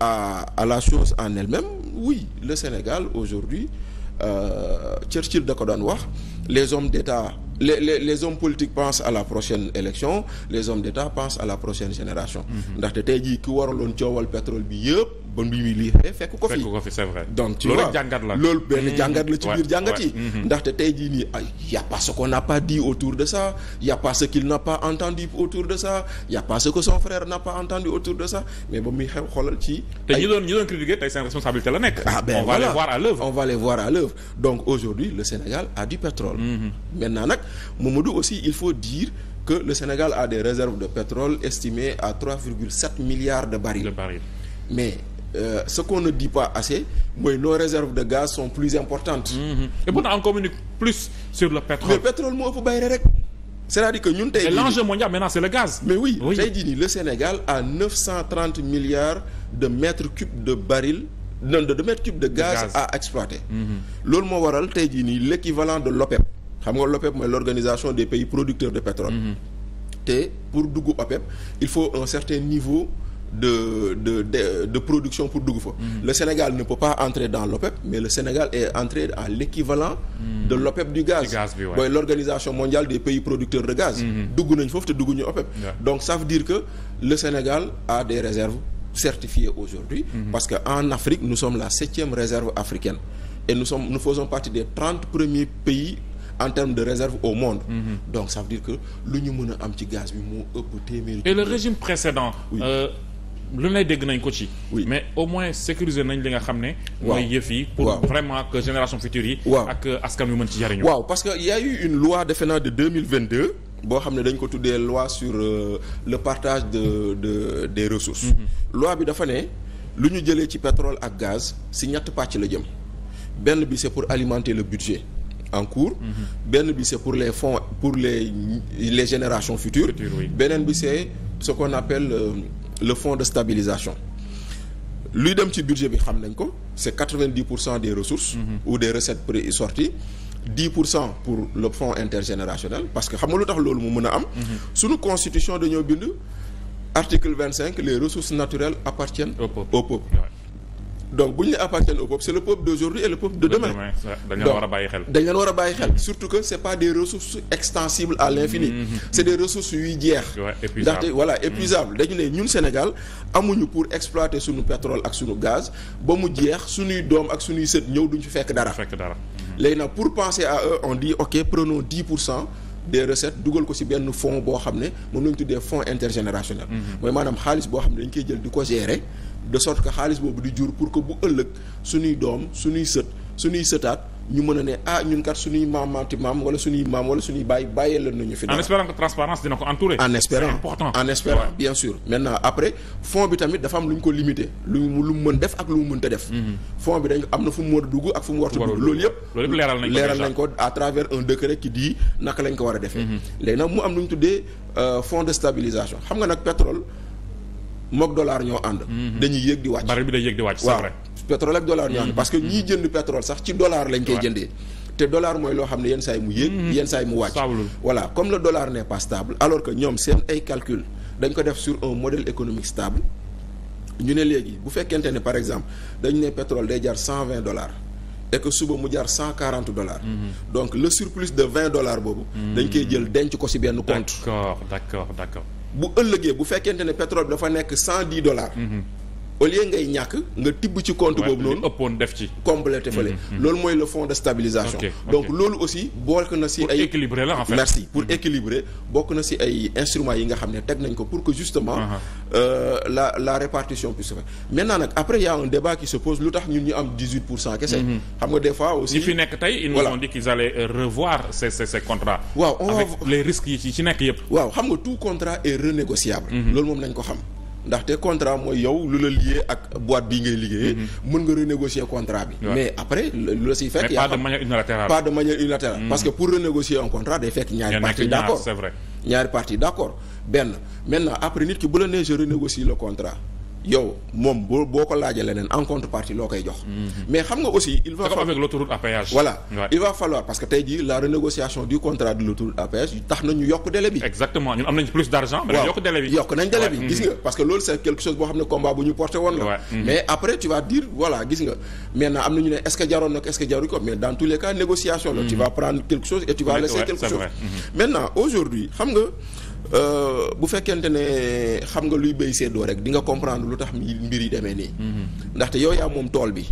à, à la chose en elle-même oui le Sénégal aujourd'hui euh, Churchill da ko daan wax les hommes d'État les, les les hommes politiques pensent à la prochaine élection les hommes d'État pensent à la prochaine génération mhm. ndaxte tey jii ki waraloon coowal pétrole bi yëpp ba bi muy lii fekk ko fi fekk ko fi c'est vrai donc tu vois jàngat benn mm-hmm. jàngat la ci biir jàngat yi mm-hmm. ndaxte tey ji nii ay y a pas ce qu'on n'a pas dit autour de ça y a pas entendu autour de ça y a son frère n'a entendu autour de ça mais ba muy xew xoolal ci te ñu doon ñu critiquer tey seen responsabilité la nekk ah ben on voir à l'œuvre on va les voir à l'œuvre donc aujourd'hui le Sénégal a du pétrole mm-hmm. maintenant nag Mamadou aussi il faut dire que le Sénégal a des réserves de pétrole estimées à 3,7 milliards de barils. De barils. Mais euh, ce qu'on ne dit pas assez mooy nos réserves de gaz sont plus importantes. Mm -hmm. et pourtant on communique plus sur le pétrole. moo ëpp bayre rek. c'est-à-dire que ñun tey. et l'enjeu mondial maintenant c'est gaz. mais oui tey jii nii le Sénégal a 930 milliards de mètres cubes de baril de mètres cubes de gaz. à exploiter. Mm-hmm. loolu moo waral tey jii nii l'équivalent de l'OPEP. xam nga l'OPEP mooy l'organisation des pays producteurs de pétrole. Mm-hmm. te pour dugg OPEP il faut un certain niveau. de de de, production pour dugg fa. Mm. le Sénégal ne peut pas entrer dans l'OPEP mais le Sénégal est entré à l'équivalent mm. de l'OPEP du gaz. du gaz bi ouais. booy l'organisation mondiale des pays producteurs de gaz. Mm-hmm. dugg nañ foofu te dugg ñu OPEP. donc ça veut dire que le Sénégal a des réserves certifiées aujourd'hui mm parce que en Afrique nous sommes la septième réserve africaine et nous sommes nous faisons partie des trente premiers pays. en termes de réserve au monde. Mm donc ça lu ñu am ci gaz bi lu ne dégg nañ ko ci. mais au moins sécuriser nañ li nga xam ne. waaw mooy yëf yi pour vraiment que génération future yi. waaw ak euh, askan wi mën ci jariñu. waaw parce que y a une loi defe naa de deux mille vingt deux boo xam ne dañ ko tuddee loi sur euh, le partage de de des ressources. Mm-hmm. loi bi dafa ne lu ñu jëlee ci pétrole ak gaz si ñett pàcc la jëm benn bi c'est pour alimenter le budget. en cours mm-hmm. benn bi c'est pour les fonds pour les les générations futures. beneen bi c'est ce qu'on appelle. Euh, le fonds de stabilisation luy dem ci budget bi xam nañ ko c'est quatre-vingt-dix pour cent des ressources mmh. ou des recettes pré sorties dix pour cent pour le fonds intergénérationel parce que xam nga lu tax loolu mu mën a am mhm. suñu constitution dañoo bind article vingt-cinq les ressources naturelles appartiennent au peuple, donc bu ñu appartient au peuple c'est le peuple d'aujourd'hui et de demain. dañu war a bàyyi xel a bàyyi xel surtout que c'est pas des ressources extensibles à l'infini mm-hmm. c'est des ressources yuy jeex ndaxte voilà mm-hmm. épuisable dañu ne ñun Sénégal amuñu pour exploiter suñu pétrole ak suñu gaz ba mu jeex suñuy doom ak suñuy sët ñëw duñ fi fekk dara mm-hmm. léegi nag pour penser à eux on dit ok prenons pour cent des recettes dugal ko ci benn fonds boo xam ne moom lañu tuddee fonds intergénérationnel mooy maanaam xaalis boo xam ne dañ koy jël di ko gérer de sort que xaalis boobu di jur pour que bu ëllëg suñuy doom suñuy sët suñuy sëtaat ñu mën a ne ah ñun kat suñuy maamaati maam wala suñuy maam wala suñuy bàyyi bàyyee leen nañu fi. en espérant que transparence dina ko en espérant c'est important en espérant bien sûr. après fonds bi tamit dafa am lu ñu ko limité lu mu lu mu mën def ak lu mu mënta def. Mhm. fonds bi dañ am na fu mu war a dugg ak fu mu war a dugg. loolu yëpp loolu leeral nañ ko leeral nañ ko à travers un décret qui dit naka lañ ko war a defee. Mhm. léegi na mu am lu ñu tuddee euh, fonds de stabilisation xam nga nag pétrole. mook dollar ñoo ànd. Mhm. dañuy yéeg di wàcc. baril bi day yéeg di wàcc. c'est vrai pétrole ak dollar ñoo ànd mhm. parce que ñiy mhm. jënd pétrole sax ci dollar lañ koy jëndee. te dollar mooy loo xam ne yenn saa yi mu yéeg. yenn saa yi mu wàcc. voilà comme le dollar n'est pas stable. alors que ñoom seen ay calcul dañ ko def sur un modèle économique stable ñu ne léegi bu fekkente ne par exemple dañu ne pétrole day jar cent vingt dollars et que suba mu jar cent quarante dollars. donc le surplus de vingt dollars boobu. dañ koy jël denc ko ci benn compte. d'accord bu ëllëgee bu fekkente ne pétrole bi dafa nekk cent dix dollars. au lieu ngay ñàkk nga tibb ci compte boobu noonu ëppoon def ci complété fële mm-hmm, mm-hmm. loolu mooy le fonds de stabilisation donc loolu aussi bokk na si ay équilibré merci pour mm-hmm. équilibrer bokk na si ay instruments yi nga xam ne teg nañ ko pour que justement uh-huh. euh, la la répartition puisse se faire maintenant nag après y a débat qui se lu tax ñu ñu am pour kese xam nga des fois aussi ñi fi nekk tey ils nous ont dit qu'ils allaient euh, revoir ces ces ces contrats waaw avec les risques yi ci nekk yëpp waaw xam nga tout contrat est renégociable loolu moom nañ ko xam ndaxte contrat mooy yow lu la lié ak boîte bii ngay liggéeyee. Mhm. mën nga renégocier contrat bi. mais après lu la siy fekk. yaa xam pas de manière unilatérale. pas de manière unilatérale. Mhm. parce que pour renégocier un contrat day fekk ñaari parties d'accord ñaari parties d'accord après nit ki bu la nee je renégocie contrat. yow moom boo boo ko laajee leneen en contrepartie loo koy jox. Mhm. mais xam nga aussi. il va falloir parce que tey jii la renégociation du contrat de l'autoroute à tax na yokk délai bi. exactement ñun am nañ plus d'argent. mais yokk yokk nañ délai bi. gis nga parce que loolu c'est quelque chose boo xam ne combat bu ñu porté woon la. Mhm. mais après tu vas dire gis nga maintenant am na ne est jaroon na ko jaru ko mais dans tous les cas négociation la. Mhm. tu Euh, bu fekkente ne eh, xam nga luy béy seddoo rek di nga comprendre lu tax mbir yi demee nii. Mm-hmm. ndaxte yow yaa moom tool bi.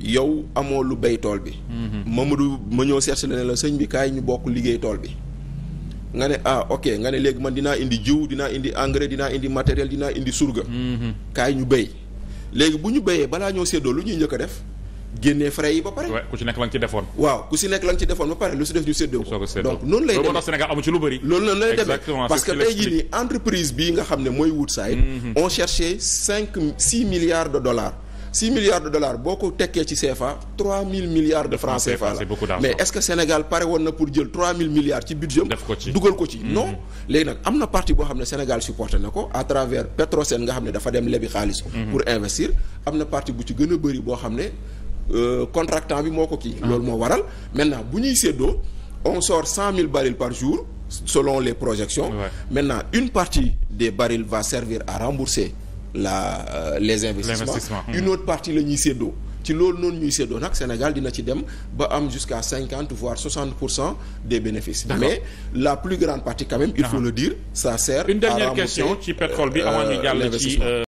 yow amoo lu béy tool bi. Mm-hmm. Mamadou ma ñëw si la ne la sëñ bi kaay ñu bokk liggéey tool bi. nga ne ah ok nga ne léegi man dinaa indi jiw dinaa indi engrais dinaa indi matériel dinaa indi surga. Mm-hmm. kaay ñu béy léegi bu ñu béyee balaa ñoo séddoo lu ñuy njëkk a def. génne frais yi ba pare. ku ci nekk la nga ci defoon. waaw ku ci nekk la nga ci defoon ba pare lu ci def ñu séddoo ko. donc noonu lay demee loolu moo tax Sénégal amu ci lu bëri. loolu noonu lay demee parce que tey jii nii entreprise bii nga xam ne mooy Woodside. Mm-hmm. on cherchait cinq six milliards de dollars. six milliards de dollars boo ko tekkee ci CFA trois mille milliards de francs CFA la mais est-ce que Sénégal pare woon pour jël trois mille milliards ci budget dugal ko ci mm-hmm. non léegi nag am na partie boo xam ne Sénégal supporté na ko à travers Petrosen xam ne dafa dem lebi xaalis mm-hmm. pour investir am na partie bu ci gën a bëri boo xam ne Euh, contractant bi moo ko kii. Ah. loolu moo waral maintenant bu ñuy séddoo on sort cent mille barils par jour selon les projections. Ouais. maintenant une partie des barils va servir à rembourser la euh, les investissements. L'investissement. une autre partie la ñuy séddoo. ci loolu noonu ñuy séddoo nag Sénégal dina ci dem ba am jusqu'à cinquante voire soixante pour cent des bénéfices. D'accord. mais la plus grande partie quand même. il faut uh-huh. le dire ça sert. à rembourser ci pétrole bi avant euh, ñu jàll ci.